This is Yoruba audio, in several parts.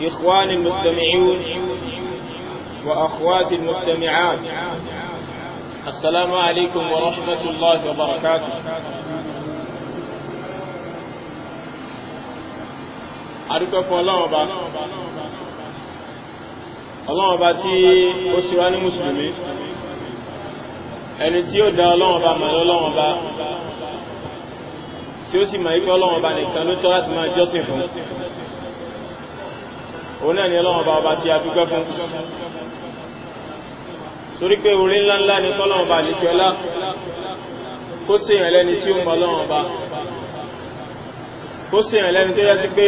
إخواني المستمعون وأخواتي المستمعات السلام عليكم ورحمة الله وبركاته أدوك فالله وبا الله وبا تي أسراني مسلمين ẹni tí ó dá ọlọ́wọ́n bá mọ̀ lọ́wọ́n bá tí ó sì mọ̀ ikú ọlọ́wọ́n bá nìkan ló tọ́ láti máa jọ́sìn fún òun náà ni ọlọ́run ọba tí a fún torí pé orí ńláńlá ni tọ́lọ́run ọba nìkẹ́lá kó sí ìrìnlẹ́ni tí ó mọ ọlọ́run ọba kó sí ìrìnlẹ́ni tó yẹ sí pé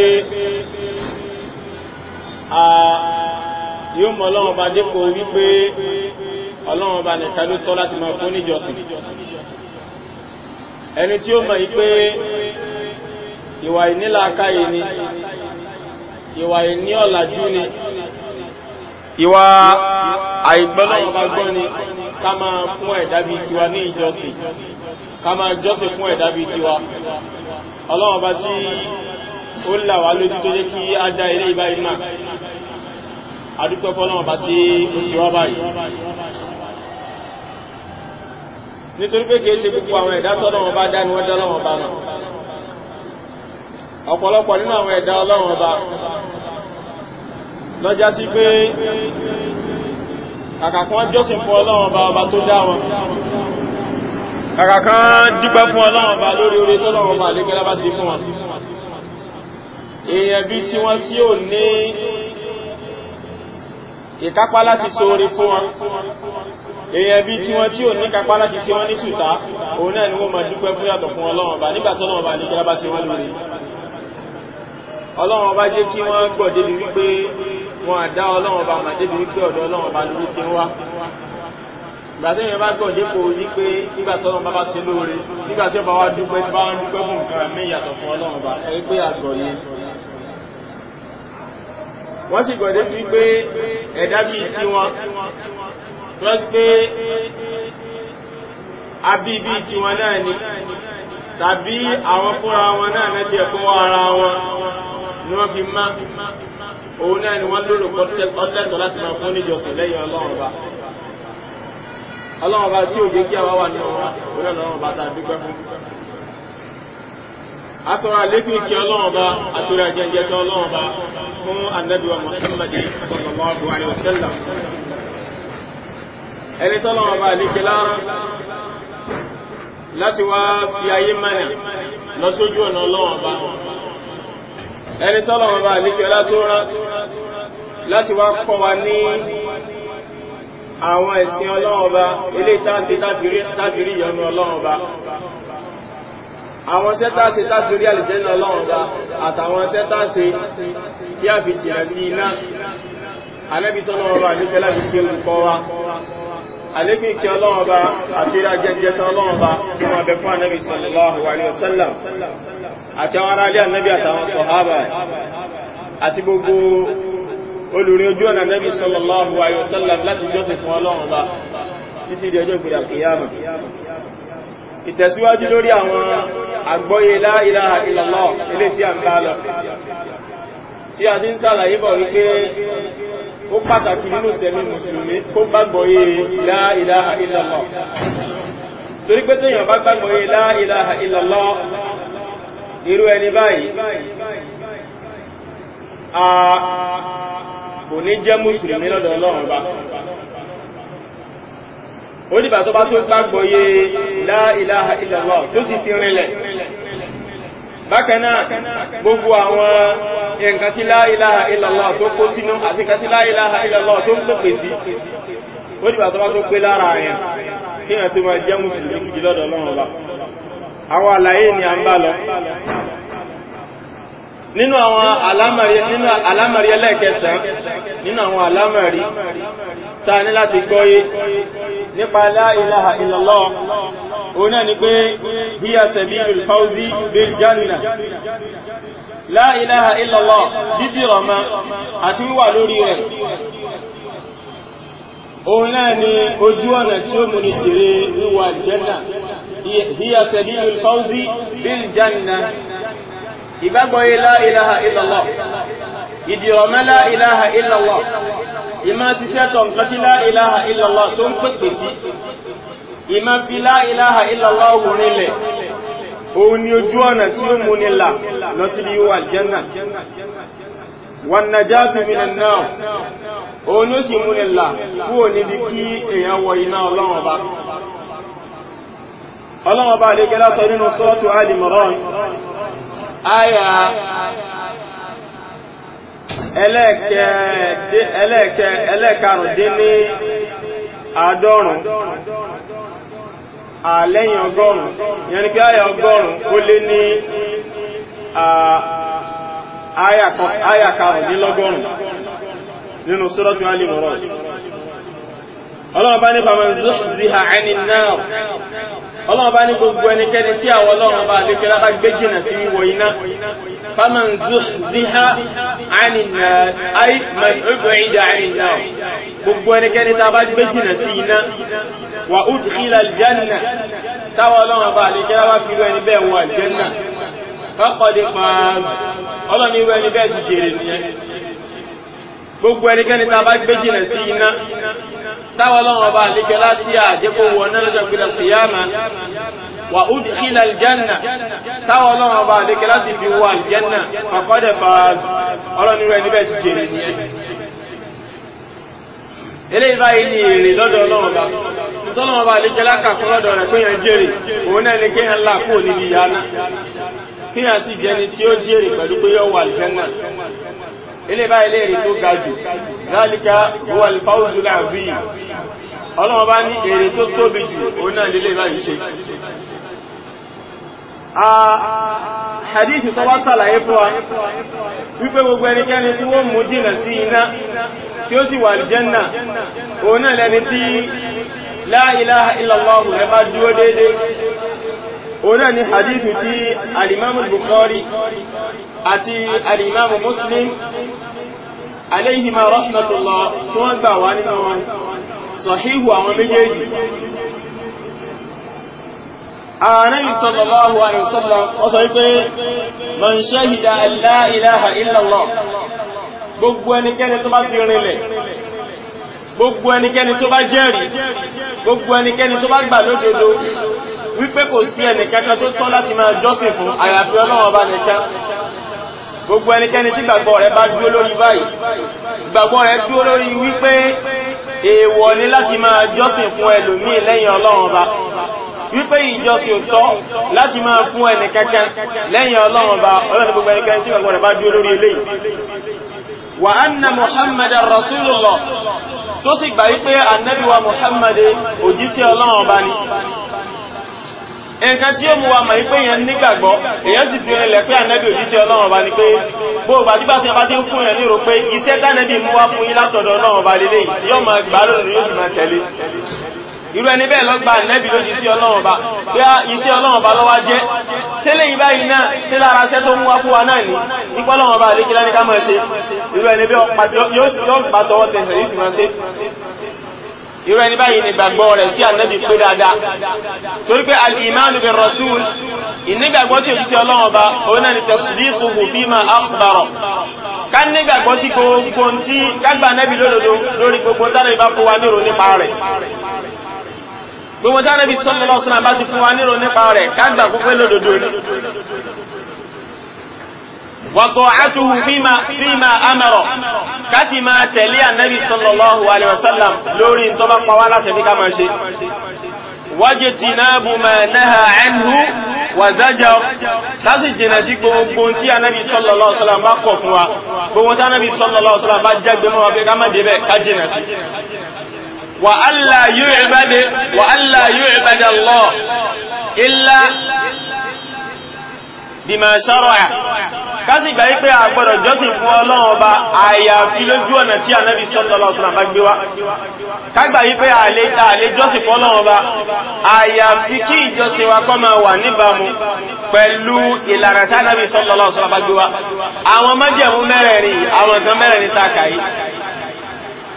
a yóò mọ ọlọ́run ọba dípò wípé ọlọ́run ọba nìkan ló tọ́ láti máa fún níjọsìn ẹni tí ó mọ̀ yí pé ìwà ìnílàákàyè ni ìwà ìní ọ̀làjú ni ìwà àìgbọ́lọ́gbọ́n ni ká máa fún ẹ̀dá bí tiwa ní ìjọsìn ká máa jọ́sìn fún ẹ̀dá bí tiwa ọlọ́wọ́n bá tí ó là wá lójú tó jẹ́ kí á dá ilé ìbá iná náà ọ̀pọ̀lọpọ̀ nínú àwọn ẹ̀dá ọlọ́run ọba lọ́já sí pé kàkàkan jọ́sìn fún ọlọ́run ọba ọba tó dá wọn kàkàkan dúpẹ́ fún ọlọ́run ọba lórí orí tọ́lọ́run ọba lẹ́gbẹ́lá bá sí fún wọn èèyàn bí tí wọ́n tí ò ní ìkápá láti so orí fún wọn èèyàn bí tí wọ́n tí ò ní kápá láti ṣe wọ́n ní ṣùtá òun náà ni wọ́n máa dúpẹ́ fún yàtọ̀ fún ọlọ́run ọba nígbàtọ́lọ́run ọba lẹ́gbẹ́lá bá sí wọ́n lórí ọlọ́run ọba jẹ́ kí wọ́n gbọ́ débi wípé wọn àdá ọlọ́run ọba mà débi wípé ọ̀dọ̀ ọlọ́run ọba lórí ti ń wá gbàtí èèyàn bá gbọ́ dépò wípé nígbà tí ọlọ́run bá ṣe lóore nígbà tí ọba wa dúpẹ́ tí bá wọn dúpẹ́ fún nǹkan mí yàtọ̀ fún ọlọ́run ọba ẹ̀rí pé àgọ̀ yẹn wọ́n sì gbọ́ débi wípé ẹ̀dá bíi tí wọn wọ́n sì pé abíbí tí wọn náà ni tàbí àwọn fúnra wọn náà náà ẹ̀kọ́ ara wọn ni wọ́n fi má òun náà ni wọ́n lérò pọ́tẹ́tọ́ láti máa fún níjọsìn lẹ́yìn ọlọ́run ọba ọlọ́run ọba tí ò jẹ́ kí àwa wà ní ọ̀run òun náà lọ́run ọba tá a dúpẹ́ fún. atọ́ra àlékún kí ọlọ́run ọba àtúrà jẹjẹ tó ọlọ́run ọba fún anabiwa Muhammad sallallahu alaihi wasallam ẹni tọ́lọ́run ọba àlékè lára láti wá fi ayé mẹ́rin lọ sójú ọ̀nà ọlọ́run ọba ẹni tọ́lọ̀wọ̀n bá ní kí ọlá tó rán láti wá kọ́ wa ní àwọn ẹ̀sìn ọlọ́ọ̀ba ilé ìtàṣe tábìrí ìyọnu ọlọ́ọ̀ba àwọn sẹ́tàṣe tábìrí àlìjẹ́nà ọlọ́ọ̀ba àtàwọn sẹ́tàṣe tí a fi jìnà sí iná alẹ́bìtọ́lọ́wọ̀n bá ní kí ọlá fi ṣe olùkọ́ àlékún ìkẹ́ ọlọ́run ọba àti ìrà jẹjẹ tán ọlọ́run ọba tó máa bẹ fún ànábì sallallahu alaihi wasallam àti àwọn ará alẹ́ ànábì àtàwọn sọ̀hábà àti gbogbo olùrin ojú ọ̀nà ànábì sallallahu alaihi wasallam láti jọ́sìn fún ọlọ́run ọba títí di ọjọ́ ìgbèrè àkìyàmà ó pàtàkì nínú sẹ̀mí mùsùlùmí kó gbàgbọ́ yìí la ilaha illallah torí pé tẹ́yàn bá gbàgbọ́ yìí la ilaha illallah irú ẹni báyìí a kò ní jẹ́ mùsùlùmí lọ́dọ̀ ọlọ́run bá ó dìbà tó bá tó gbàgbọ́ yìí la ilaha illallah tó sì fi rinlẹ̀ bákanáà gbogbo àwọn ẹ̀ǹkan tí la ilaha illallah tó kó sínú àti kan tí la ilaha illallah tó ń pèpè sí ó dìbà tó bá tó pé lára àyàn kí ẹ̀ tó máa jẹ́ mùsùlùmí gidi lọ́dọ̀ nínú àwọn alámàrí nínú alámàrí ẹlẹ́ẹ̀kẹsàn nínú àwọn alámàrí ta ní láti gbọ́yé nípa la ilaha illallah òun náà ni pé hiya sabilul fawzi bil janna la ilaha illallah dídìrọ̀ ma àti wíwà lórí rẹ̀ òun náà ni ojú ọ̀nà tí ó mú ní jèrè wíwà janna ìgbàgbọ́ la ilaha illallah ìdìrọ̀mẹ́ la ilaha illallah ìmá ti sẹ́tọ̀ nǹkan tí la ilaha illallah tó ń pèpè sí ìmá fi la ilaha illallah wùrinlẹ̀ òun ni ojú ọ̀nà tí ó mú nílà lọ sí bí wà jẹ́nà wọn sọ nínú sọ́ọ̀tù Al àyà ẹlẹ́ẹ̀kẹrùndín ní àádọ́rùn àlẹ́yìn ọgọ́rùn yẹn ni pé àyà ọgọ́rùn ó lé ní àyà karùndínlọ́gọ́rùn nínú Suratu Ali Imran ọlọ́ọ̀bá ọlọ́run bá ní gbogbo ẹnikẹ́ni tí àwọn ọlọ́run bá lè kẹ́lá bá gbé jìnà sí wọ iná faman zuhziha àìnà àìbẹ̀ẹ́dà àìnà gbogbo ẹnikẹ́ni tá bá gbé jìnà sí iná wà udkhila aljanna táwọn ọlọ́run bá lè kẹ́lá bá fi rú ẹni bẹ́ẹ̀ wọ táwọn ọlọ́run ọba àlékẹ́ láti àjẹ́kò wọn lọ́jọ́ ìpínlẹ̀ kìyàmà wa ó dì kílà aljanna táwọn ọlọ́run si àlékẹ́ láti aljanna fàkọ́dẹ̀ fàáz ọlọ́run rẹ̀ níbẹ̀ ti ni èrè lọ́dọ̀ ọlọ́run aljanna ilé báyìí léèrè tó ga jù dhalika huwa al-fawzu al-azim ọlọ́wọ́ bá ní èrè tó tóbi jù òun náà lélé báyìí ṣe hadithi tó wá sàlàyé fún wa wípé gbogbo ẹnikẹ́ni tí wọ́n mú jìnà sí iná tí ó sì wà aljanna òun náà lẹni tí la ilaha rẹ bá dúró dédé òun náà ni hadithi tí al-imam àti alìmáàmù muslim aléhìmá rahmatullah tí wọ́n gbà wá nínú wọn sọ̀híhù àwọn méjèèjì Ànábì sallallahu alaihi wasallam wọ́n sọ wípé man shahida an la ilaha illallah gbogbo ẹnikẹ́ni tó wípé kò sí ẹnìkankan tó tọ́ láti máa jọ́sìn fún àyàfi Ọlọ́run Ọba nìkan gbogbo ẹnikẹ́ni tí gbàgbọ́ rẹ̀ bá dúró lórí báyìí gbàgbọ́ rẹ̀ dúró lórí wípé èèwọ̀ ni láti máa jọ́sìn fún ẹlòmíì lẹ́yìn ọlọ́run ọba wípé ìjọsìn òtọ́ láti máa fún ẹnikẹ́kẹ́ lẹ́yìn ọlọ́run ọba ọlọ́run gbogbo nǹkan tí ó mú wa mọ̀ ipé èèyàn nígbàgbọ́ èèyàn sì fi rìnlẹ̀ pé ànábì òjíṣẹ́ Ọlọ́run bá ní pé bó bá tí bá ti bá ti ń fún ẹ̀ ní rò pé iṣẹ́ tánẹ́bì mú wá fún yín látọ̀dọ̀ Ọlọ́run bá lélẹ̀ yóò máa gbà lónìí yóò sì máa tẹ̀lé irú ẹni bẹ́ẹ̀ lọ́gbà ànábì lójú sí Ọlọ́run bá pé iṣẹ́ Ọlọ́run bá lọ́wọ́ jẹ́ tẹ́lẹ̀ yìí báyìí náà tí lára ṣẹ́ tó ń wá fún wa náà ní ipọ́ Ọlọ́run bá lè kí láníká máa ṣe irú ẹni bẹ́ẹ̀ yóò gbàtọwọ́ tẹ̀sẹ̀ yìí sì máa ṣe irú ẹni báyìí ni gbàgbọ́ rẹ̀ sí ànábì pé dáadáa torí pé alìmánu bí rasul ìnígbàgbọ́ tí òjíṣẹ́ Ọlọ́run Ọba òun náà ni tasdiquhu bima akhbara ká nígbàgbọ́ sí gbogbo tí kágbà ànábì lódodo lórí gbogbo tánà ìbá fún wa nírò nípa rẹ̀ gbogbo tánà ìbí sallallahu alaihi wasallam bá ti fún wa nírò nípa rẹ̀ kágbà púpẹ́ lódodo وطاعته فيما فيما امر كما تلي النبي صلى الله عليه وسلم لوري ان تبقى ولا سبي كما شيء واجتناب ما نهى عنه وزجر كاسي جناسي gbogbo tí Ànábì sallallahu alaihi wasallam bá kọ̀ fún wa gbogbo tí Ànábì sallallahu alaihi wasallam bá jagbe mọ́ wa pé ká má dé bima ṣarọ́à kásì gbà wípé a gbọ́dọ̀ jọ́sìn fún ọlọ́run ọba àyàfi lójú ọ̀nà tí ànábì sallallahu alaihi wasallam bá gbé wá kágbà wípé àlè jọ́sìn fún ọlọ́run ọba àyàfi kí ìjọsìn wa kọ́ máa a kà yìí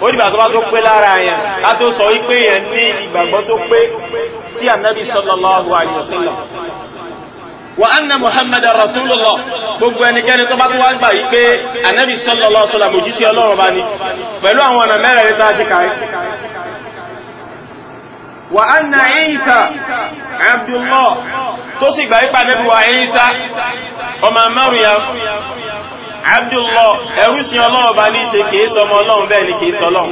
ó dìgbà tó bá tó pé lára yẹn a sọ wípé yẹn ní ìgbàgbọ́ tó pé sí ànábì sallallahu alaihi wasallam wa anna muhammad rasulullah gbogbo ẹnikẹ́ni tó bá tó wá gbà wípé anabi sallallahu alaihi wasallam òjíṣẹ́ Ọlọ́run bá ní pẹ̀lú àwọn ọ̀nà mẹ́rẹ̀ẹ̀rin tá a ti kàí wa anna isa abdullah tó sì gbà wípé anabi wa isa ọmọ maryam abdullah ẹrú sí Ọlọ́run bá ní ṣe kìí sọmọ Ọlọ́run bẹ́ẹ̀ ni kìí sọlọ́run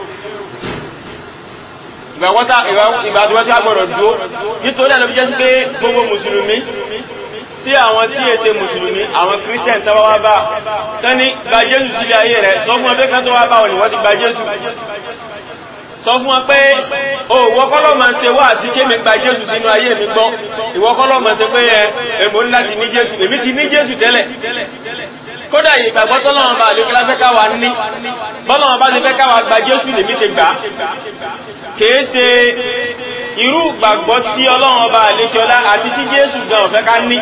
ìgbàwọ́ta ìgbàtíwọ́tí agbọ̀rọ̀ dúó nítorí ẹ̀lọ́bí jẹ́ sí pé gbogbo mùsùlùmí tí àwọn tí è ṣe mùsùlùmí àwọn kírísẹ̀n tọ́wọ́ wá bá tẹ́ni gba jésù sílé ayé rẹ̀ sọ fún ọbẹ́ kan tó wá bá wọn ìwọ́n ti gba jésù sọ fún ọ pé òwọ́kọ́lọ́ ma ń ṣe wá àti kémi gba jésù sínú ayé mi gbọ́ ìwọ́kọ́lọ́ ma ń ṣe pé ẹ èmò láti ní jésù èmi ti ní jésù tẹ́lẹ̀ kódà ìgbàgbọ́ tọ́lọ́wọ́n bá lè kílá fẹ́ká wa ní bọ́lọ́wọ́n bá lè fẹ́ká wa gba jésù lè mí ṣe gbà kìí ṣe irú ìgbàgbọ́ tí ọlọ́wọ́n bá lè kíọlá àti tí jésù gan fẹ́ká ní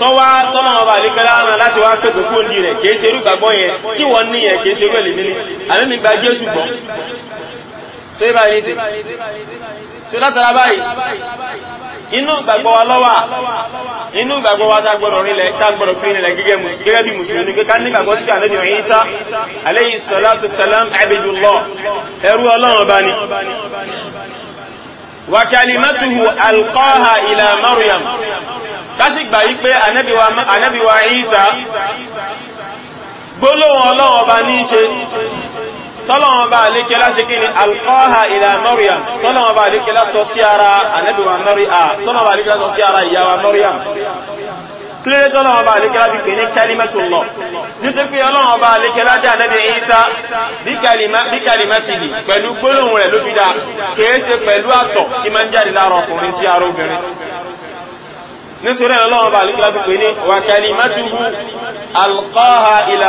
tọ́wá tọ́lọ́wọ́n bá lè kílá rán láti wá pẹ̀tẹ̀ fún òdì rẹ̀ kìí ṣe irú ìgbàgbọ́ yẹn tí wọ́n ní yẹn kìí ṣe irú ẹ̀lẹ́ nílé àmì mi gba jésù gbọ́ inú ìgbàgbọ́ wa lọ́wà inú ìgbàgbọ́ wa dágbọ́rọ̀ rílẹ̀ tágbọ́rọ̀ fi rílẹ̀ gẹ́gẹ́ bí mùsùlùmí kíká nígbàgbọ́ sí ànábì Ìsá alayhi salatu salam abdullah ẹrú ọlọ́run bá ní wa kalimatuhu alqaha ila Maryam kásì gbà yí pé ànábì wa Ìsá gbólóhùn ọlọ́run bá ní ṣe tọ́lọ̀wọ́n bá alékẹ́ láti kí ni alkọ́ha ila Maryam tọ́lọ̀wọ́n bá alékẹ́ lásọ sí ara anẹ́bìwà Maryam tọ́lọ̀wọ́n bá alékẹ́ lásọ sí ara ìyàwó Maryam kílẹ̀ tọ́lọ̀wọ́n bá alékẹ́ láti pè ní kalimatullah nítorí pé ọlọ́wọ́n bá alékẹ́ láti anẹ́bì Isa bí kalimatihi pẹ̀lú gbólóhùn rẹ̀ ló fi dá kèése pẹ̀lú àtọ̀ tí máa ń jáde lára ọkùnrin sí ara obìnrin nítorí ọlọ́wọ́n bá alékẹ́ láti pè ní wa kalimatuhu alqaha ila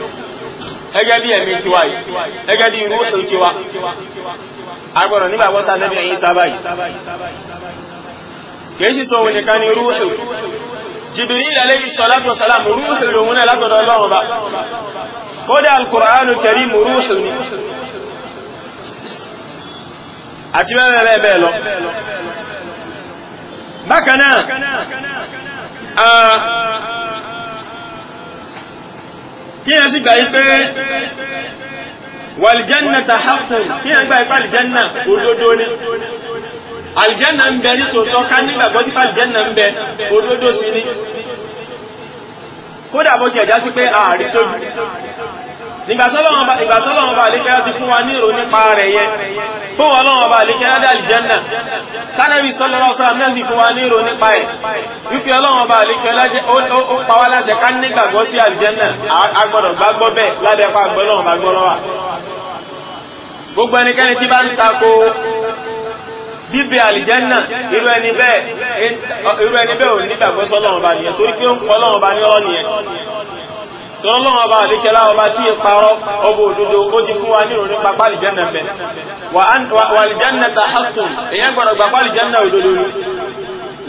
ẹgẹ́ bí ẹ̀mí tiwa yìí ẹgẹ́ bí irú òṣèlú tiwa agbọ̀nà nígbà wọ́sá nẹ́bí ẹ̀yìn sábà yìí kìí sí sọ òun nìkan ni irú òṣèlú Jibril alayhi salatu wa salam irú kí ẹ sì gbà yí pé wàlìjánà tàhàkùn kí ẹ gbà yí pé àlìjánà òdodo ni àlìjánà ń bẹ nítòótọ́ ká nígbàgbọ́ sí pé ń bẹ òdodo sí ni kódà bó ti ẹ̀já sí pé ààrí sójú ìgbàtọ́lọ́wọ́n bá alékẹ́lá ti fún wa ní ìrò nípa rẹ̀ yẹ fún ọlọ́wọ́n bá alékẹ́lá dà aljanna kánàbí sọ́lọ́rọ́sọ́lá náà sì fún wa ní ìrò nípa ẹ̀ wípé ọlọ́wọ́n bá alékẹ́lá ó pàwà láti ká nígbàgbọ́ sí aljanna agbọ́dọ̀ gbàgbọ́ bẹ́ẹ̀ ládẹ́pàá gbọ́lọ́wọ́n bá gbọ́lọ́wà gbogbo ẹnikẹ́ni tí bá ń tako bíbẹ̀ àlìjẹ́nà irú ẹni bẹ́ẹ̀ ò nígbàgbọ́sọ́lọ́wọ́n bá nìyẹn torí pé ó ń pọ́lọ́wọ́n bá ní ọlọ́nìyẹn tọ́lọ́lọ́wọ́ ọba àdíkẹ́lá ọba tí è parọ́ ọba òdodo ó ti fún wa nírò nípa pálìjánà bẹ̀ wà lìjánà ta haqqun èyàn gbọ́nà gbà pálìjánà òdodo ni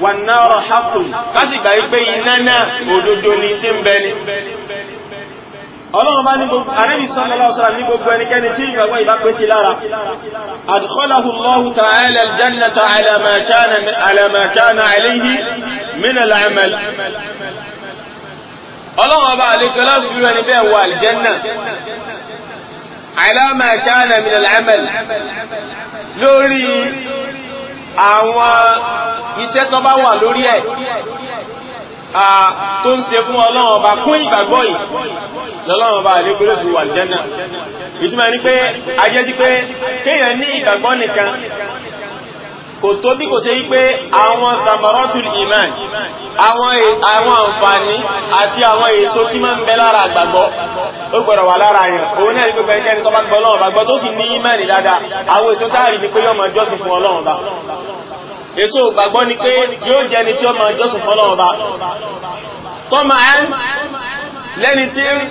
wà náà haqqun kásì gbà wípé iná náà òdodo ni tí ń bẹ ni ọlọ́run bá ní gbogbo àrẹ́bì sọ́lọ́lá ọ̀sára ní gbogbo ẹnikẹ́ni tí ìgbàgbọ́ ìbá ọlọ́run ọba àlékọ́ lọ́fíìrú ẹni bẹ́ẹ̀ wọ àlìjẹ́nà àìlàmà kana min al-amal lórí àwọn iṣẹ́ tó bá wà lórí ẹ̀ tó ń ṣe fún ọlọ́run ọba kún ìgbàgbọ́ yìí lọ́lọ́run ọba kò tó bí kò ṣe wípé àwọn samaratul iman e, àwọn àǹfààní àti àwọn èso tí máa ń bẹ lára àgbàgbọ́ ó gbọ́dọ̀ wà lára yẹn òun náà ní pé ẹnikẹ́ni tó bá gbọ́ Ọlọ́run bá gbọ́ tó sì ní iman dáadáa àwọn èso táàrí ni pé yóò máa jọ́sìn fún Ọlọ́run bá èso ìgbàgbọ́ ni pé yóò jẹni tí ó máa jọ́sìn fún Ọlọ́run bá tó máa ń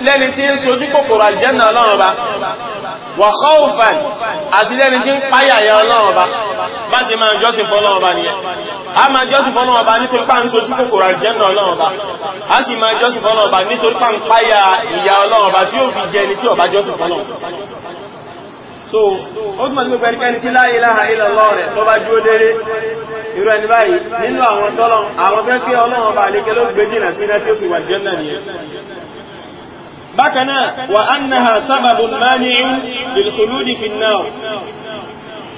lẹ́ni tí ń sojú kòkòrò àlìjẹ́nà Ọlọ́run bá wà kọ́ọ̀fàn àti lẹ́ni tí ń páyà yẹ ọlọ́run ọba bá ṣe máa jọ́sìn fọ́lọ́run ọba nìyẹn a máa jọ́sìn fọ́lọ́run ọba nítorí pàà ń sojú kòkòrò àjẹ́nà ọlọ́run ọba a sì máa jọ́sìn fọ́lọ́run ọba nítorí pàà ń páyà ìyà ọlọ́run tí ó fi jẹ ni tí ọba jọ́sìn fọ́lọ́run so ó túnmọ̀ sí gbogbo ẹnikẹ́ni tí la ilaha illallah rẹ̀ tó bá dúó dédé irú ẹni báyìí nínú àwọn tọ́lọ àwọn fẹ́ fẹ́ ọlọ́run bákanáà wà annaha sábàbùn mani'un bilkhuludi fi náà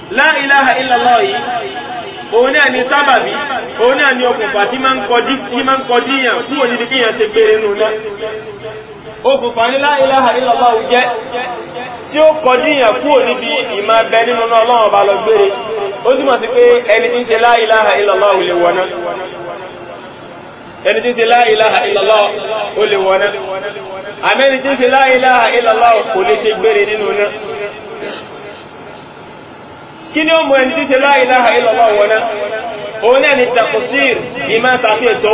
la ilaha illallah yìí òun náà ni sábàbí òun náà ni okùnfà tí ma ń kọjí yàn kú òdìdí kíyàn ṣe gbére nù náà okùnfà ní la ilaha illallah jẹ́ tí ó kọjí yàn kú òdìdí ìmá bẹ nínú ọlọ́run ọba lọ gbére ó túnmọ̀ sí pé ẹni ẹni tí ń ṣe láìláha ìlàláwọ̀ ó lè wọ́ná àmẹ́ni tí ń ṣe láìláha ìlàláwọ̀ kò lè ṣe gbére nínú náà kí ni ó mú ẹni tí ń ṣe láìláha ìlàláwọ̀ wọ́ná òun náà ni takusir ìmá tàfí ètò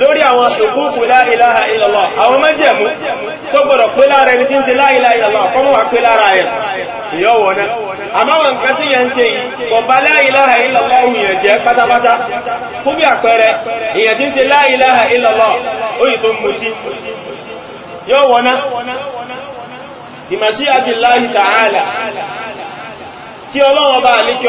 lórí àwọn ṣùgbùkù láìláha ìlàlá àwọn mẹ́jẹ̀mú tó gbọ́dọ̀ pé ẹni tí ń ṣe láìláha ìlàlá àmáwọn nǹkan tí yẹn ń ṣe kò bá la ilaha illallah òyìn jẹ́ pátápátá fún bí àpẹẹrẹ èyàn tí ń ṣe la ilaha illallah òyìn tó mutí yóò wọná bi mashi'ati ala ta'ala tí ọlọ́wọ́n bá àlékí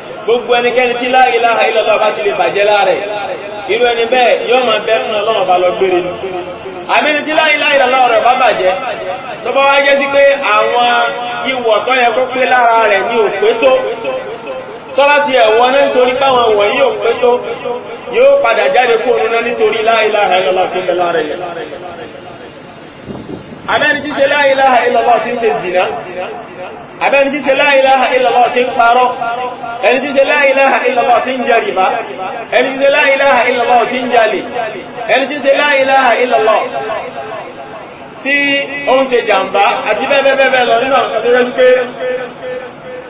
gbogbo ẹnikẹ́ni tí la ilaha illallah bá ti lè bàjẹ́ láàrẹ̀ irú ẹni bẹ́ẹ̀ yóò máa bẹ́rún ọlọ́run bá lọ gbére ni àmìnì tí la ilaha illallah rẹ̀ bá bàjẹ́ tó bá wá jẹ́ sí pé àwọn ìwọ̀ tó yẹ kó pé lára rẹ̀ ní òpé tó tọ́lá ti ẹ̀wọ́ náà nítorí páwọn wọ̀nyí òpé tó yóò padà jáde kúrò náà nítorí la ilaha illallah tó bẹ lára abẹ́ni tí ṣe la ilaha illallah tí ń ṣe zina abẹ́ni tí ṣe la ilaha illallah tí ń parọ́ ẹni tí ṣe la ilaha illallah tí ń jẹrìbá ẹni tí ṣe la ilaha illallah tí ń jalè ẹni tí ṣe la ilaha illallah tí ó ń ṣe jàmbá àti bẹ́ẹ̀bẹ́ẹ̀bẹ́ lọ nínú àwọn kàtọ́rẹ́ sí pé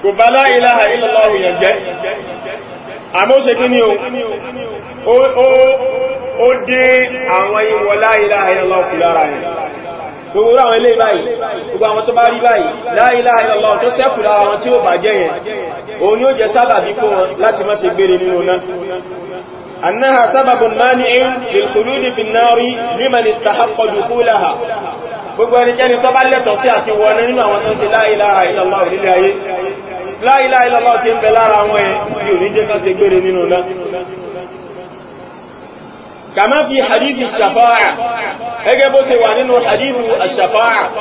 ó dé àwọn ìwọ̀ la ilaha illallah gbogbo àwọn ilé báyìí gbogbo àwọn tó bá rí báyìí la ilaha illallah tó sẹ́kù lára wọn tí ó bà jẹ́ yẹn òun ni ó jẹ sábàbí fún wọn láti má ṣe gbére nínú náà annaha sababun mani'in lil khuludi fin nari liman istahaqqa dukhulaha gbogbo ẹnikẹ́ni tó bá lẹ́tọ̀ọ́ sí àti wọ nínú àwọn tó ṣe la ilaha illallah orílé ayé la ilaha illallah ti ń bẹ lára wọn ẹ̀ bí ò ní jẹ́ kan ṣe gbére nínú náà كما في حديث الشفاعة اجابوا سوانين وحديث الشفاعة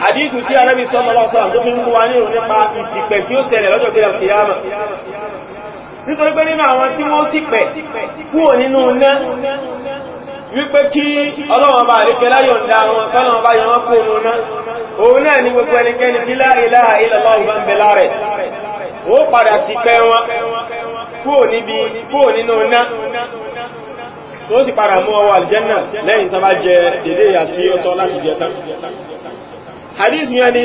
حديث تي النبي صلى الله عليه وسلم ضمن قوانين ونقع في سيكبتيو سنة لجو كده القيامة nítorí pé nínú àwọn tí wọ́n sì pẹ̀ kúrò nínú iná wípé kí ọlọ́wọ́n bá rí pẹ̀lá yọ̀nda wọn kọ́lọ́wọ́n bá yọ wọ́n kó nínú iná òun náà ní gbogbo ẹnikẹ́ni tí la ilaha illallah bá ń bẹ láàrẹ̀ ó padà sì pẹ́ wọn kúrò níbi kúrò nínú iná tó sì padà mú ọwọ́ aljanna lẹ́yìn tó bá jẹ dédé àti ọtọ́ láti jẹ tán hadith yẹn ni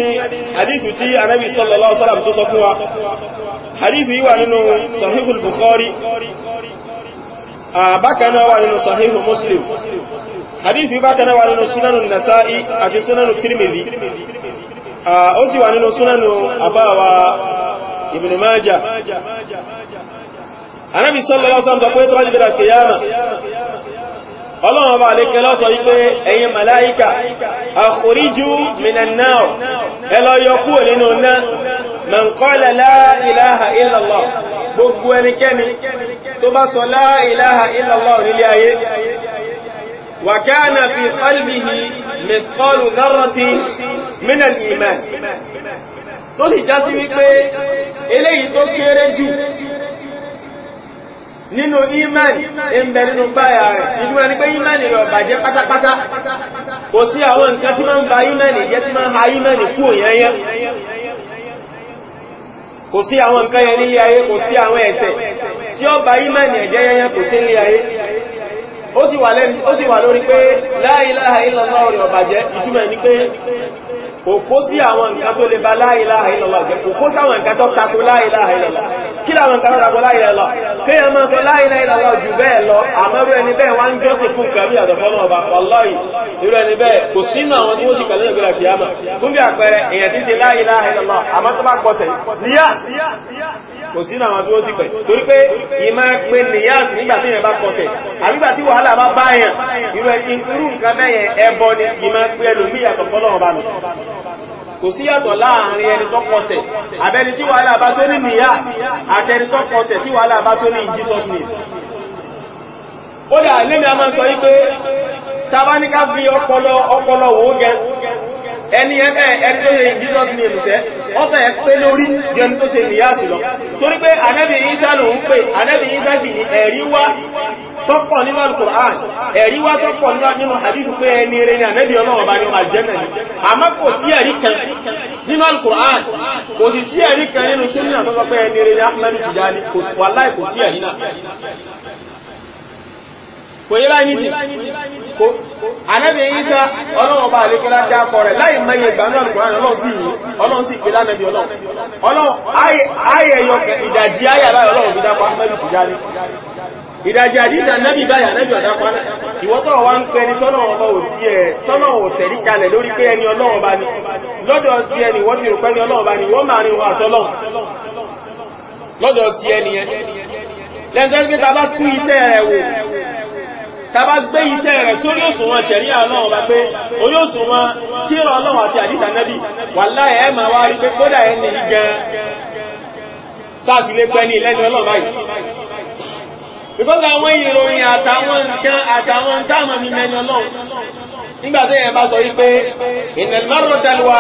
hadith tí anábi sallallahu alaihi wasallam tó sọ fún wa hadith yìí wà nínú sahihul bukhari àbákaná wà nínú sahihul muslim hadith yìí bákaná wà nínú sunanu nasa'i àti sunanu tirmidhi ó sì wà nínú sunanu àbáwa ibn majah anábi sallallahu alaihi wasallam sọ pé tó wájú bẹ̀rẹ̀ kìyàmà ọlọ́run ọba àlékẹ́ lọ́sọ̀ wípé ẹ̀yin màláíkà àkòríjú mìnànáà ẹlọ yọkú nínú náà man qala la ilaha illallah gbogbo ẹnikẹ́ni tó bá sọ la ilaha illallah nílé ayé wa kana fi qalbihi mithqalu dharratin min al nínú imani ẹ̀mẹ̀ nínú báyà rẹ̀ ìdúwà ní pé imani rẹ̀ bàjẹ́ pátápátá kò sí àwọn nǹkan tí máa ń ba imani jẹ́ tí máa ń ha imani kú òyẹnyẹ kò sí àwọn nǹkan yẹn nílé ayé kò sí àwọn ẹ̀ṣẹ̀ tí ó ba imani ẹ̀jẹ́ yẹnyẹ kò sí nílé ayé ó sì wà lórí pé la kò sí àwọn nǹkan tó lè ba la ilaha illallah jẹ́ kò kó sáwọn nǹkan tó tako la ilaha illallah kí láwọn nǹkan tó tako la ilaha illallah kí ẹ máa sọ la ilaha illallah jù bẹ́ẹ̀ lọ àmọ́rú ẹni bẹ́ẹ̀ wá ń jọ́sìn fún kàrí àtọ̀fọ́nà ọba wallahi irú ẹni bẹ́ẹ̀ kò sínú àwọn tí wọ́n sì kàlẹ́ ìgbéra kò sí náà tó sì pẹ̀ torí pé ìmá pé nìyàsì nígbàtí yẹn bá kọsẹ̀ àbígbàtí wàhálà bá bá yẹn irú nǹkan mẹ́yẹn ẹbọ ni ìmá pé ẹlòmí yàtọ̀ fọ́lọ́run bá mi kò sí yàtọ̀ láàrin ẹni tó kọsẹ̀ àbẹ́ni tí wàhálà bá tó ní nìyà àtẹni tó kọsẹ̀ tí wàhálà bá tó ní Jesus name ó dà lẹ́mìí a máa sọ yí pé tàbá ní ká fi ọpọlọ ọpọlọ wò ó gẹn ẹni ẹ̀fẹ́ ẹni tó ṣe jesus ní ìlúṣẹ́ ọfẹ́ pé lórí jẹun tó ṣe níyàsì lọ torí pé anẹ́bì isa ń pè anẹ́bì isa ní ẹ̀rí wá tọ́pọ̀ nínú al ẹ̀rí wá tọ́pọ̀ nínú hadith pé ẹni rẹ̀ ní anẹ́bì kò sí sí ẹ̀rí kan nínú ẹni kò yí láì nìtì ànábì Ìsá ọlọ́run bá àlékẹ́lá dá kọ rẹ̀ láì mẹ́yẹ ìgbàmọ́ alùkùnrin ọlọ́run sí yìí ọlọ́run sí ìpínlẹ̀ mẹ́bí ọlọ́run ayẹyọ ìdajì ayà láì ọlọ́run bí dápa mẹ́bí ti jáde ìdajì àdíjà nẹ́bí báyà nẹ́bí ọ̀dápa ìwọ́tọ̀ ẹni ti ẹni wọ́n ti rò pẹ́ ní ọlọ́run ẹni ti ẹni ẹ tàbá gbé iṣẹ́ rẹ̀ sórí òṣùwọ̀n ṣẹ̀rí ọlọ́run bá pé orí òṣùwọ̀n tí ìrọ̀ ọlọ́run àti àdíta nẹ́bí wà láì ẹ ma wá rí pé kódà ẹni gan sáàsìlé pẹ́ ní ilẹ́ni ọlọ́run báyìí àwọn ìròyìn àtàwọn nǹkan àtàwọn táàmà mi mẹ́ni ọlọ́run nígbàtí ẹ̀yẹn bá sọ wípé ìnàlmọ́rọ̀dàlùwà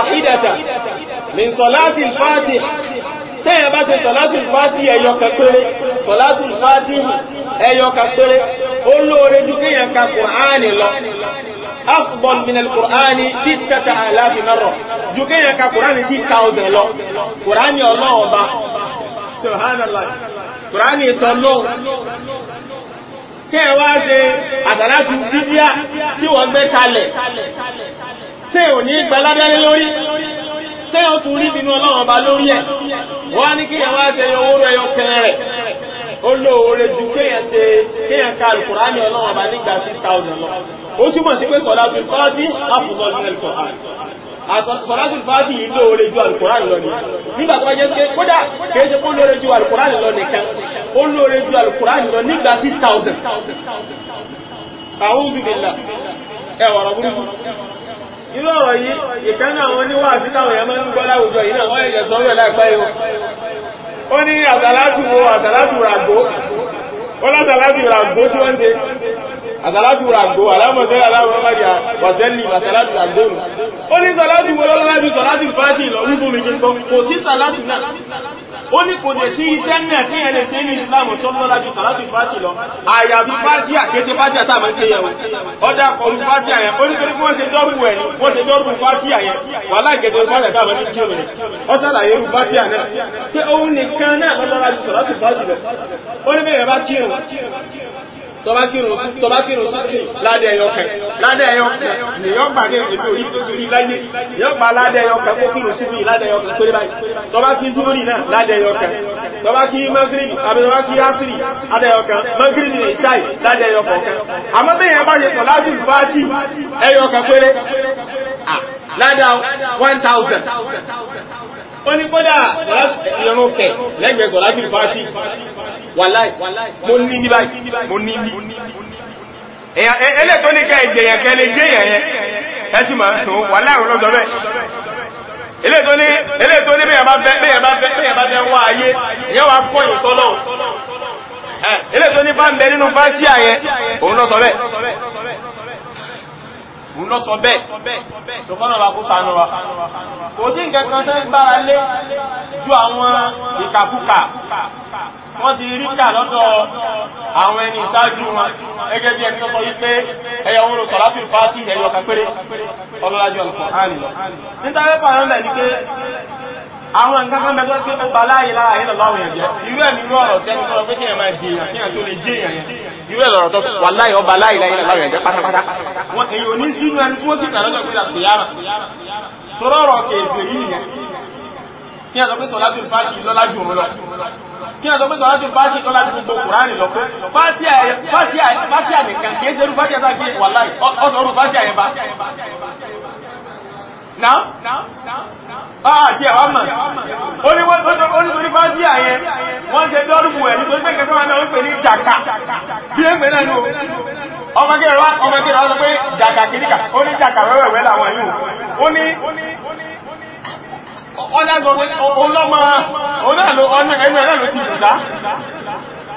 tẹ́yìn bá ṣe sọ̀látùn fàtí ẹyọ kẹpẹrẹ sọ̀látùn fàtí ẹyọ kẹpẹrẹ ó lóore ju kíyàn ka kùránì lọ afdal min al-qur'ani sittata alafi marra ju kíyàn ka kùránì 6,000 lọ kùránì ọlọ́ọ̀ba subhanallah kùránì tọ́lọ́ kẹ́ wá ṣe àdàlátù bíbíà tí wọ́n gbé tí ò ní tẹ́yàn tún rí nínú ọlọ́run ọba lórí ẹ̀ wọ́n á ní kíyàn wá ṣe owó rẹ̀ ọkàn rẹ̀ ó lóore ju kéyàn ṣe kéyàn ka alùkùránì ọlọ́run ọba nígbà 6,000 lọ ó túmọ̀ sí pé sọ̀lá tún fọ́ tí àfùsọ̀ nínú ẹ̀kọ́ Sọ̀rọ̀sùn fàájì yìí lóore ju alùkùránì lọ ní. Nígbà tó wáyé pé kódà kìí ṣe kó lóore ju alùkùránì lọ nìkan, ó lóore ju alùkùránì lọ nígbà 6,000. Àwọn òdúbìnlá, ẹwà ọ̀rọ̀ burúkú irú ọ̀rọ̀ yìí ìkánà àwọn oníwà àti táwọn èèyàn máa ń gbọ́ láwùjọ yìí náà wọ́n ẹ̀jẹ̀ sọ́rọ̀ láìpẹ́ yóò ó ní àtàlátù àtàlátù ràgbó ó látàlátù ràgbó tí wọ́n ṣe àtàlátù ràgbó alámọ̀sẹ́ alámọ̀mọ́dìá wàsẹ́lì àtàlátù ràgbó ó ní sàlátù wọ́lọ́lọ́lá ó ní kò dẹ̀ sí iṣẹ́ náà tí ẹlẹ́ sí ní ìsìláàmù tó lọ́lá ju sàlátù fàájì lọ àyàbí fàájì àkété fàájì àtà máa ń kéyẹ wọn ọdá kọlu fàájì àyẹn ó ní kò ní kí wọ́n ṣe dọ́rù ẹ̀ wọ́n ṣe dọ́rù fàájì àyẹn wà láìkẹ́tẹ́ fàájì àtà máa ń kí òmìnir ọ sàlàyé rú fàájì àná pé òun nìkan náà tọba kírun sókè ládẹ ẹyọkẹ ládẹ ẹyọkẹ ni yọ gbà ní ètò orí tó torí láyé yọ gbà ládẹ ẹyọkẹ kó kírun sókè ládẹ ẹyọkẹ pé báyìí tọba kí zúrì náà ládẹ ẹyọkẹ tọba kí magrebi àbí tọba kí asiri ládẹ ẹyọkẹ magrebi ní ṣáì ládẹ ẹyọkẹ àmọ́ bẹ́yẹn bá yẹ tọ́lájú fàájì ẹyọkẹ péré ládà 1000 ó ní kódà ìrànlọ́kẹ̀ lẹ́gbẹ̀ẹ́ tọ́lájú fàájì wàláì mo ní ní báyìí mo ní ní ẹlẹ́ tó ní ká ìjẹyàn kẹ́ lè jẹyàn yẹn ẹ sì máa tó wàláì lọ́sọ bẹ́ẹ̀ ilé tó ní ilé tó ní bí ẹ̀bá fẹ́ bí ẹ̀bá fẹ́ bí ayé ìyẹn wà kọ́yìn sọ́lọ́ ilé ní bá ń bẹ nínú fásíà yẹn òun lọ́sọ bẹ́ẹ̀ òun lọ sọ bẹ́ẹ̀ ṣọ̀kọ́nà bá kó sànú wa kò sí nǹkankan tó ń gbára lé ju àwọn ìkàkùkà wọ́n ti rí kà lọ́dọ̀ àwọn ẹni ìsáájú wọn gẹ́gẹ́ bí ẹni tó sọ wípé ẹyọ oòrùn sọ̀láfì fàátì ẹyọ kàpẹ́rẹ́ ọlọ́lájú alùpùpù àwọn nǹkan kan mẹ́tọ́ tí ó gba láàyè lára yìí lọ́wọ́ èèyàn jẹ́ irú ẹ̀mí irú ọ̀rọ̀ tẹ́ni tọ́rọ pé kí ẹ máa jẹ èèyàn kí ẹ tó lè jẹ èèyàn yẹn irú ẹ̀lọ́rọ̀ tó wà láì ọba láì láyé lọ́wọ́ èèyàn jẹ́ pátápátá wọn èyí ò ní sínú ẹni tí wọ́n sì tàlọ́jọ́ pé àti yára tọ́rọ ọ̀rọ̀ kèèfè yìí nìyẹn kí ẹ sọ pé sọlá tó fàájì lọ́lá jù wọn lọ kí ẹ sọ pé sọlá tó fàájì lọ́lá àti ọmọ onítorí bá sí àyẹ wọ́n jẹ dọ́rùbù ẹ̀ nítorí pé kẹfẹ́ wọn ń pè ní jàkà bí i ń pè náà ní ọmọkẹ́rọ ọmọkẹ́rọ ọmọ pé jàkà kìríkà ó ní jàkà wẹ́wẹ̀wẹ́ láwọn yìí ó ní ọlọ́gbọ̀n ọlọ́mọ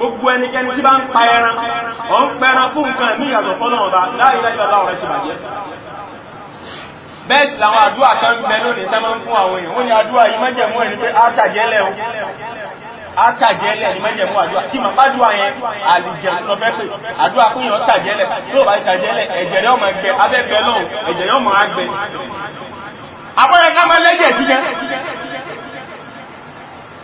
gbogbo ẹnikẹ́ni tí bá ń pa ẹran ọ ń pẹran fún nǹkan mí ìyàtọ̀ fọ́lọ́ọ̀bá láìláìlá ọ̀rẹ́ ti bàjẹ́ bẹ́ẹ̀sì làwọn àdúrà kan bẹ lónìí tẹ́ máa ń fún àwọn èèyàn ó ní àdúrà yìí mẹ́jẹ̀mú ẹ̀ ní pé átàjẹ́lẹ̀ ohun átàjẹ́lẹ̀ ní mẹ́jẹ̀mú àdúrà tí màá pàdúrà yẹn àlìjẹ̀ lọ fẹ́ pé àdúrà pé yàn tàjẹ́lẹ̀ tó bá tàjẹ́lẹ̀ ẹ̀jẹ̀ yóò máa gbẹ abẹ́gbẹ́ lọ́hùn ẹ̀jẹ̀ yóò máa gbẹ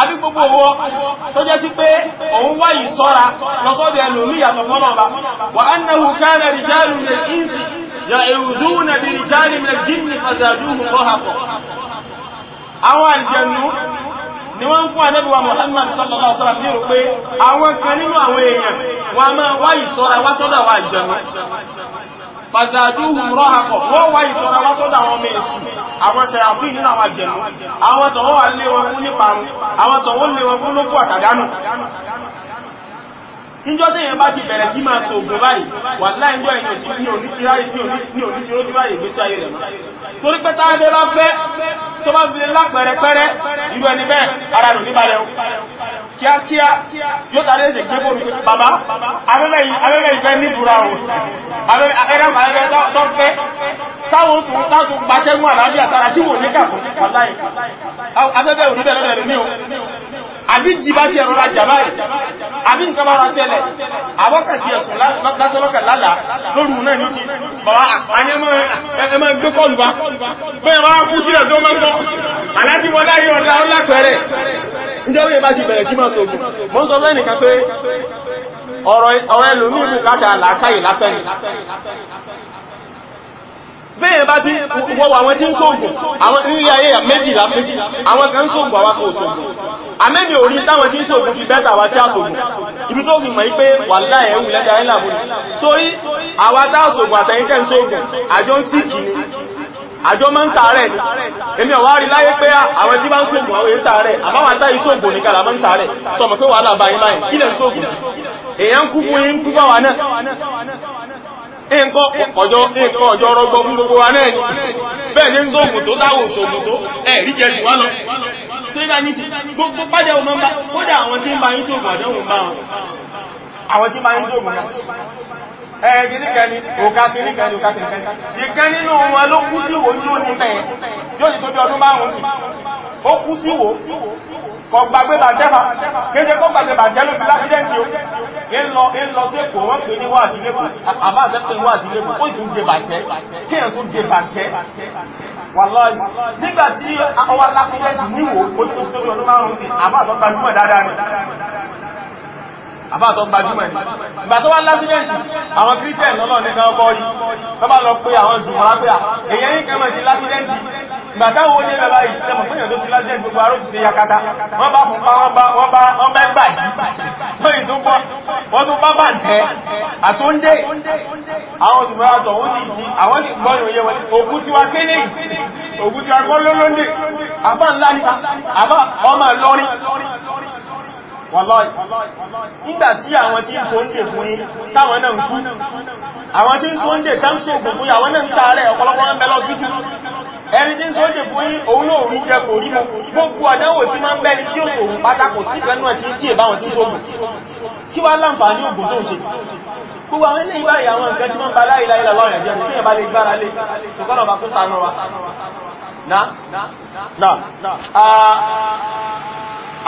àbí gbogbo owó tó jẹ́ sí pé òun wá yìí sọ́ra lọ́sọ́dọ̀ ẹlòmí yàtọ̀ fọ́nàbà wà annahu kana rijalun min al-insi ya'uduna bi rijalin min al-jinni fazaduhum rahaqa àwọn àjẹ̀nú ni wọ́n ń kún àdẹ́bùwà Muhammad sallallahu alaihi wasallam fàzàdúhù rọ́hàkọ̀ wọ́n wá ìsọ́ra lọ́sọ́dọ̀ àwọn ọmọ èṣù àwọn ṣẹ̀yàfí nínú àwọn àjẹ̀mú àwọn tọ̀wọ́ wà lé wọn fún níparun àwọn tọ̀wọ́ lé wọn fún lókù àkàdánù níjọ́ tí èyàn bá ti bẹ̀rẹ̀ kí máa so ògùn báyìí wà láìjọ́ èyàn tí ní òní ti ráyè ní òní ti rójú ráyè gbé sí ayé rẹ̀ torí pé táàbẹ́ bá fẹ́ tó bá fi lápẹ̀rẹ̀pẹ̀rẹ̀ ìlú ẹni bẹ́ẹ̀ ara rò níbalẹ̀ kíákíá yóò tàbí ẹ̀sẹ̀ gbé bómi bàbá abẹ́bẹ̀ ìfẹ́ níbúra o abẹ́bẹ̀ tọ́fẹ́ táwọn tún tàbí gbàṣẹ́gun àlàáfíà àtàrà tí wò ní kàkùn pàtàkì abẹ́bẹ̀ òníbẹ̀ lọ́dẹ̀ ní o àbí jìbá ti ẹ̀rọ ra jàmá rẹ̀ àbí nǹkan bára tẹ́lẹ̀ àwọ́kàtí ẹ̀sùn lásánlọ́kà lálà lórí náà ní ti bàbá ẹmọ gbé kọlùbá bẹ́ẹ̀ máa kú sílẹ̀ tó mọ́ sọ aláàtí wọ́n láyé ọ̀dá ọlá pẹ̀rẹ̀ níjẹ́ wíyẹ bá ti bẹ̀rẹ̀ tí máa sógun mọ́ sọ lẹ́nì kan pé ọ̀rọ̀ ẹlòmí bùkátà làákàyè lásán ni bẹ́ẹ̀ bá ti wọ́wọ́ àwọn tí ń sóògùn àwọn nílé ayé méjìlá méjì àwọn kan sóògùn àwọn kò sóògùn àmẹ́bì orí táwọn tí ń sóògùn fi bẹ́ta wá tí a sóògùn ibi tó fi mọ̀ pé wà láì ẹ̀wù lẹ́dà ẹ́là mú sórí àwa tá sóògùn àtẹ́yìntẹ́ sóògùn àjọ ń síkì ni àjọ máa ń sàárẹ̀ èmi ọ̀wá rí láyé pé àwọn tí bá ń sóògùn àwọn èyí sàárẹ̀ àbáwọn táyé sóògùn ní kàlà máa ń sàárẹ̀ sọmọ̀ pé wàhálà báyìí báyìí kí lẹ́ sóògùn èyàn kú fún yín kú báwa náà nǹkan ọjọ́ ọrọ̀gbọ́ fún gbogbo wa náà bẹ́ẹ̀ ní sóògùn tó dáwò sóògùn tó ẹ̀rí jẹ́ jù wá lọ tó ń dáyé sí gbogbo pàjẹ́ òun máa ń bá kódà àwọn tí ń bá yín sóògùn àdánwò ń sóògùn náà ẹ̀ẹ́gìníkẹni òkàkìníkẹni òkàkìníkẹni ìkẹ́ nínú wọn ló kú síwò ní ó ní pẹ̀ẹ́ yóò ti tó bí ọdún márùn-ún sí ó kú síwò kọ gbàgbé bàjẹ́fà kéje kọ́ gbàgbé bàjẹ́ ló fi láfídẹ́ntì ó ń lọ sí èkó wọ́n pè ní wà sí lébù àbá àtẹ́kùn wà sí lébù ó ìtún jẹ bàjẹ́ kí ẹ̀ tún jẹ bàjẹ́ wàláì nígbà tí ọwọ́ láfídẹ́ntì níwò ó tó sí ọdún márùn-ún àbátọ̀ gbajúmọ̀ ní ìgbà tó wá lásìdẹ̀ntì àwọn kírísẹ̀n lọ́nà ní ọkọ̀ yìí bábá lọ pé àwọn jùmọ̀lá pé à èyàn yìí kẹmọ̀ sí lásìdẹ̀ntì ìgbà táwọn oní ẹgbẹ̀ báyìí tẹmọ̀ pé èyàn tó sí lásìdẹ̀ntì gbogbo arọ́ ti ṣe yakata wọ́n bá fún pa wọ́n bá wọ́n bá wọ́n bá gbà jí lóyìn tó pọ̀ wọ́n tó bá bà tẹ́ àtúndé àwọn jùmọ̀lá tọ̀ ó sì jí àwọn sì gbọ́ ìròyìn wọn òkú tí wá kélé òkú tí wá kọ́ lólóńdé àbá ńlá nípa àbá ọmọ lọ́rin wàláì nígbàtí àwọn tí ń so ń dè fún yí táwọn náà ń kú àwọn tí ń so ń dè tán so ògùn fún yàwọn náà ń sáré ọ̀pọ̀lọpọ̀ ń bẹ lọ títù ẹni tí ń so ń dè fún yí òun náà rí jẹ kò rí mú gbogbo àdánwò tí máa ń bẹ́ni tí ó sòrò pátákò sí pẹ̀lú àti tí èbáwọn tí sóògùn kí wá láǹfààní ògùn tó ń ṣe gbogbo àwọn ilé ìbáyìí àwọn nǹkan tí wọ́n ń ba láìláì lọ́wọ́ ìrìnàjò ní kí èèyàn bá lè gbára lé ṣùgbọ́n ọba tó sànú wa na na na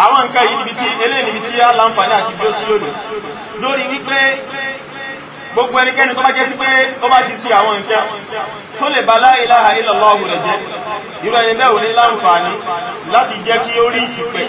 àwọn nǹkan yìí níbi tí elé níbi tí a láǹfààní àti bí ó sí lónìí lórí wípé gbogbo ẹnikẹ́ni tó bá jẹ́ sí pé ó bá ti sí àwọn nǹkan tó lè bá la ilaha illallah rẹ̀ jẹ́ irú ẹni bẹ́ẹ̀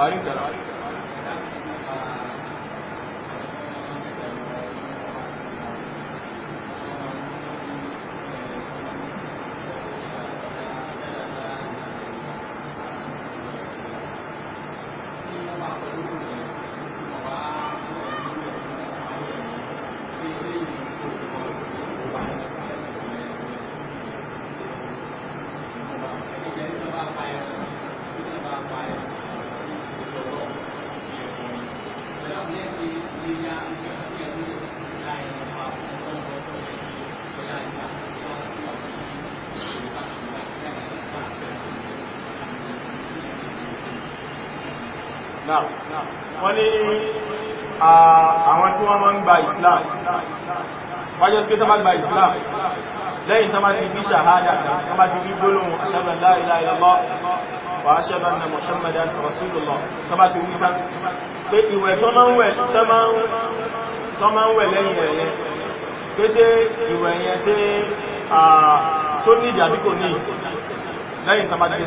بھاری جرال wọ́n ní àwọn tí wọ́n máa ń gba islam wájọ́ pé tọ́bá gba islam lẹ́yìn tọ́bá ti rí ṣàhádà tọ́bá ti rí gbólóhùn ashhadu an la ilaha illallah wa ashhadu anna muhammadan rasulullah tọ́bá ti rí tán pé ìwẹ̀ tọ́mọ́ ń wẹ̀ lẹ́yìn rẹ̀ yẹn pé ṣe ìwẹ̀ yẹn ṣe tó ní ìdàbí ní lẹ́yìn tọ́bá ti rí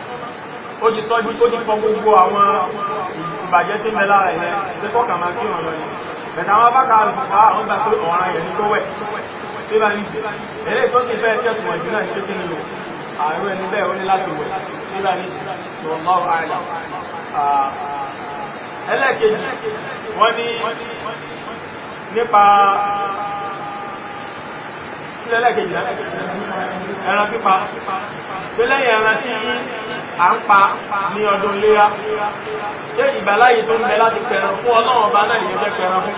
ó ti sọ ibi tó ti fọ gbogbo àwọn ìbàjẹ́ tí mẹ́lá rẹ̀ yẹn tí kọ́kà máa kí wọn lọ ní bẹ̀tà àwọn bákà àlùfà àwọn gbà pé ọ̀ràn yẹn ní tó wẹ̀ tí bá ní eré tó ti fẹ́ tẹ̀sùn wọn jùlọ ní kí nílò ààrẹ ẹni bẹ́ẹ̀ ó ní láti wẹ̀ tí bá ní ṣọ̀lọ́ àìlà ẹlẹ́ẹ̀kejì wọ́n ní nípa ẹlẹ́ẹ̀kejì ẹran pípa pé lẹ́yìn ẹran tí à ń pa ní ọdún léyá jẹ́ ìgbàláyé tó ń bẹ láti pẹ̀ràn fún ọlọ́run ọba náà ìyẹn fẹ́ pẹ̀ràn fún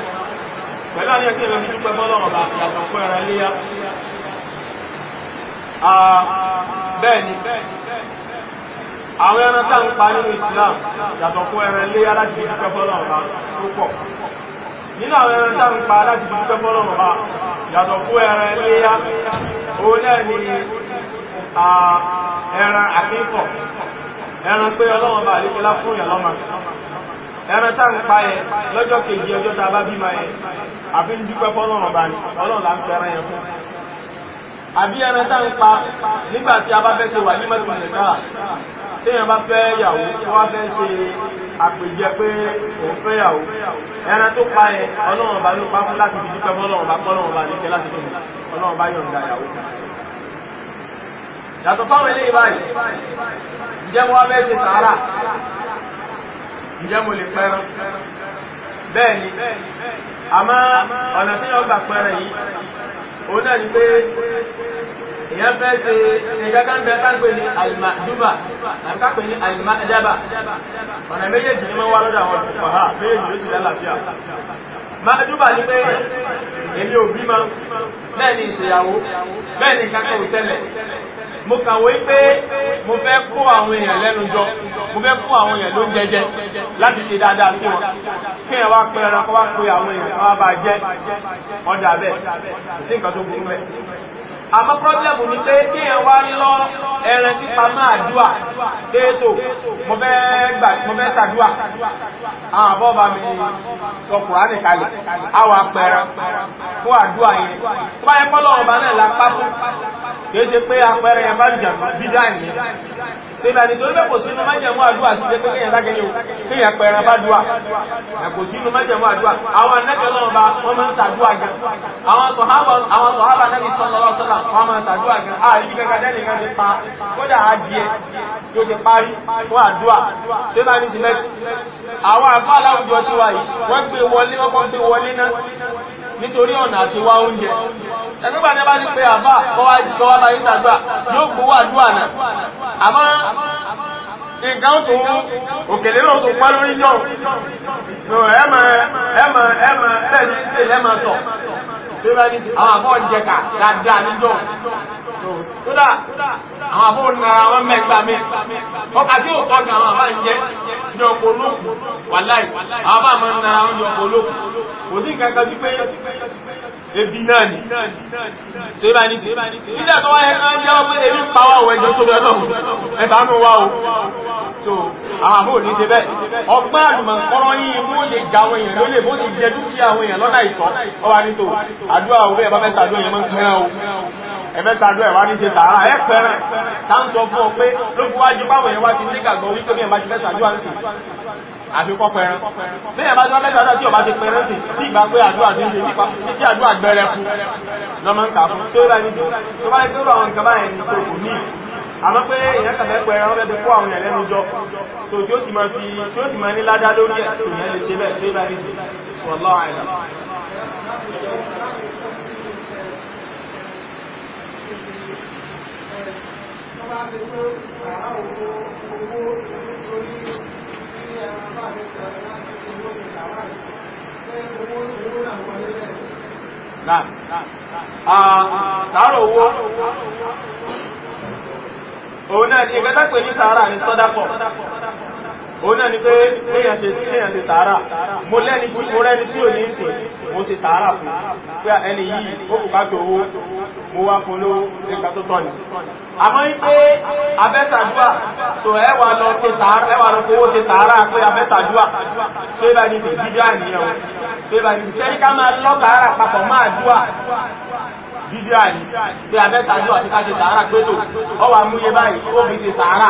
pẹ̀lú àní ẹ̀kí ìrẹsì dúpẹ́ fọ́lọ́run ọba yàtọ̀ fún ẹran léyá bẹ́ẹ̀ ni àwọn ẹran tá ń pa nínú Islam yàtọ̀ fún ẹran léyá láti dúpẹ́ fọ́lọ́run ọba tó pọ̀ nínú àwọn ẹran tá ń pa láti dúpẹ́ fọ́lọ́run ọba yàtọ̀ fún ẹran léyá ẹran pé ọlọ́wọ́n bá àríkẹ́ láfún ìyàn lọ́mà ẹran tá ń pa ẹ lọ́jọ́ kejì ọjọ́ tá a bá bímọ ẹ àfi ń dúpẹ́ bá ní ọlọ́run là ń yẹn fún àbí ẹran tá ń pa nígbà tí a bá fẹ́ ṣe wà ní mẹ́tò nìkára téèyàn bá fẹ́ yàwó tó wá fẹ́ ṣe àpèjẹ pé òun fẹ́ yàwó ẹran tó pa ẹ ọlọ́run bá ló pa fún láti fi dúpẹ́ bá bá yàtọ̀ fáwọn ilé ìbáyìí ǹjẹ́ mo wá bẹ́ẹ̀ ṣe sàárà ǹjẹ́ mo lè pẹ́ran bẹ́ẹ̀ ni àmọ́ ọ̀nà tí wọ́n gbà pẹ́ran yìí òun náà ni pé èyàn fẹ́ ṣe ìgbàgbà ń bẹ sáńgbé ní alimaduba àti kápẹ́ ní alimadaba ọ̀nà méjèèjì ni wọ́n wá lọ́dọ̀ àwọn ìfọ̀há méjèèjì ló sì lálàáfíà máàdúbà ní pé èmi ò bímọ bẹ́ẹ̀ mo kàwé pé mo fẹ́ kó àwọn èèyàn lẹ́nu jọ mo fẹ́ kó àwọn èèyàn ló jẹjẹ láti ṣe dáadáa sí wọn kí ẹ wá pé ẹran wá pé àwọn èèyàn wá bá jẹ́ ọ̀dà bẹ́ẹ̀ sí nǹkan tó burú bẹ́ẹ̀ àmọ́ pọ́blẹ́mù ní pé kí ẹ wá lọ ẹran pípa máa dúà déètò mo fẹ́ sàdúà àwọn àbọ́bà mi sọ kùránì kalẹ̀ àwọn apẹran fún àdúà yẹn tó bá yẹ pọ́lọ́ ọba náà lápá fún kìí ṣe pé apẹran yẹn bá jẹ̀ síbẹ̀ ni torí bẹ́ kò sínú májẹ̀mú àdúwà sí pé kéyàn lágẹ́yìn kéyàn pẹ̀rẹ̀ bá dúà kò sínú májẹ̀mú àdúwà àwọn anẹ́kẹ̀lọ́wọ́ bá wọ́n máa ń sàdúà gan àwọn sọ̀hábà náà sallallahu sallam wọ́n máa ń sàdúà gan àríkí kẹ́kẹ́ dẹ́nì kan ti pa kódà adìẹ tó ti wà yìí wọ́n gbé wọlé wọ́n gbé wọlé náà nítorí ọ̀nà àti wá oúnjẹ ẹgbẹ́gbà ní bá ní pé àbá kọ́wàá sọ́wọ́ bá yí sàgbà yóò gbówà dúà náà nǹkan tó òkèlè náà tó pẹ́ lórí jọ ẹ̀mà ẹ̀mà ẹ̀mà tẹ́lì sí ẹ̀mà sọ tí ó bá ní àwọn àfọ́ jẹka dáadáa níjọ kódà àwọn nara wọn mẹ́gbà mi ọkà tí ó àwọn ń ní ọkọ̀ wà láì àwọn mọ́ nara wọn ní ọkọ̀ ebi náà ni tó bá ní ìjẹ́ tó wáyé kan jẹ́ ọmọ ebi pàwọ́ ọ̀wọ́ ẹjọ́ tó lọ́nà ẹ̀bá mú wá o so àwọn àbúrò ní ṣe bẹ́ẹ̀ ọgbẹ́ àlùmọ̀ kọ́rọ̀ yìí mú lè ga àwọn èèyàn lólè mú lè jẹ dúkìá àwọn èèyàn lọ́nà ìtọ́ ọwá ní tó àdúrà òwe ẹ̀bá mẹ́ta àdúrà yẹn mọ́ ń kẹ́rẹ́ o ẹ̀mẹ́ta àdúrà ẹ̀wá ní ṣe sàárà ẹ̀ pẹ́rẹ́ tá ń sọ fún ọ pé lókùwájú báwọn èèyàn wá ti ní kàgbọ́ wípé bí ẹ̀ àfikọ́ pẹ̀rẹ̀ bẹ́ẹ̀ bá jọ mẹ́jọ àdá tí ọba ti pẹ̀rẹ̀ sí tí ìgbà pé àdúrà ti ń ṣe nípa tí àdúrà gbẹ̀rẹ̀ fún lọ́mọ ń kà fún tó bá ní tó bá ní tó rọ̀ àwọn nǹkan báyẹn ní tó kò ní àmọ́ pé èèyàn kàfẹ́ pẹ̀ ẹran mẹ́bẹ̀ fún àwọn ẹ̀lẹ́nu jọ so tí ó sì máa fi tí ó sì máa ní ládá lórí ẹ̀ tó yẹn lè ṣe bẹ́ẹ̀ tó bá ní sí wallahu a'lam Thank you. Ah, sàárò owó òun náà ni ìgbẹ́ta pè ní sàárà ní sọ́dápọ̀ òun náà ni pé léyàn ṣe sí léyàn ṣe sàárà mo lẹ́ni tí mo rẹ́ni tí ò ní ìsìn mo ṣe sàárà fún pé ẹni yìí ó kù bá owó mo wá fún lówó nípa tó tọ́ ni àmọ́ wípé abẹ́sàdúà so ẹwà lọ ṣe sàárà ẹwà lọ fowó ṣe sàárà pé abẹ́sàdúà tó bá ní tẹ̀ dídá nìyẹn tó bá ní tẹ́rí ká máa lọ sàárà papọ̀ máa dúà dídá ni pé abẹ́sàdúà ti ká ṣe sàárà pé tó ọwà múyẹ báyìí ó fi ṣe sàárà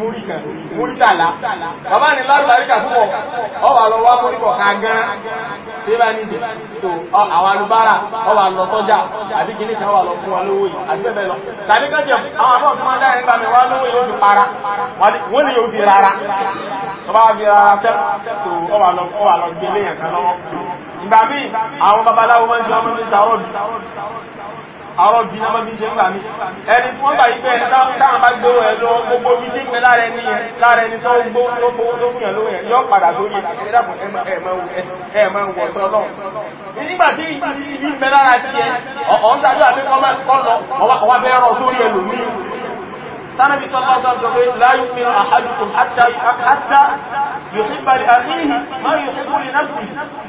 múrí kan múrí tàlá bàbá ní lálùbáríkà púpọ̀ ọwà lọ wá múrí kọ̀ọ̀ká gan tí bá ní so àwọn alubára ọwà lọ sọ́jà àbí kìíní kan wà lọ fún wa lówó yìí àti bẹ́ẹ̀ lọ tàbí kan jẹ àwọn àbọ̀ tó máa dá ẹgbà mi wá lówó yóò fi para wọ́n ní yóò fi rárá bàbá wa fi rárá fẹ́ so ọwà lọ gbé léyàn kan lọ́wọ́ ìgbà míì àwọn babaláwo máa ń ṣe ọmọ mi sàrọ́ọ̀dù àwọn bí náà bí ṣe ń gbà mí ẹni tí wọ́n gbà ìpẹ́ táwọn bá gbówó ẹ̀ lọ gbogbo bí ṣe ń pẹ́ lára ẹni tó gbó tó fún ẹ̀ lóyẹ̀ yọ́ padà sórí ẹ̀dàkùn ẹ̀mọ̀ wọ̀sán náà nígbà tí ìbí ń pẹ́ lára ti ẹ̀ ọ̀n sáájú àbíkọ́ lọ ọwá bẹ́ẹ̀ rọ sórí ẹlòmíì tánàbí sọ́lọ́sọ́ sọ pé láyé mìíràn àhàdùkùn hátà yóò sí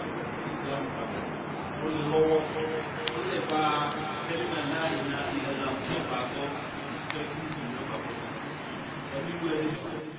ó lè lọ́wọ́ ó lè fa tẹ́lẹ̀mà láì na ìlànà fún ìpàkọ́ ìjọ ìpínlẹ̀ ìjọba pẹ̀lú ẹni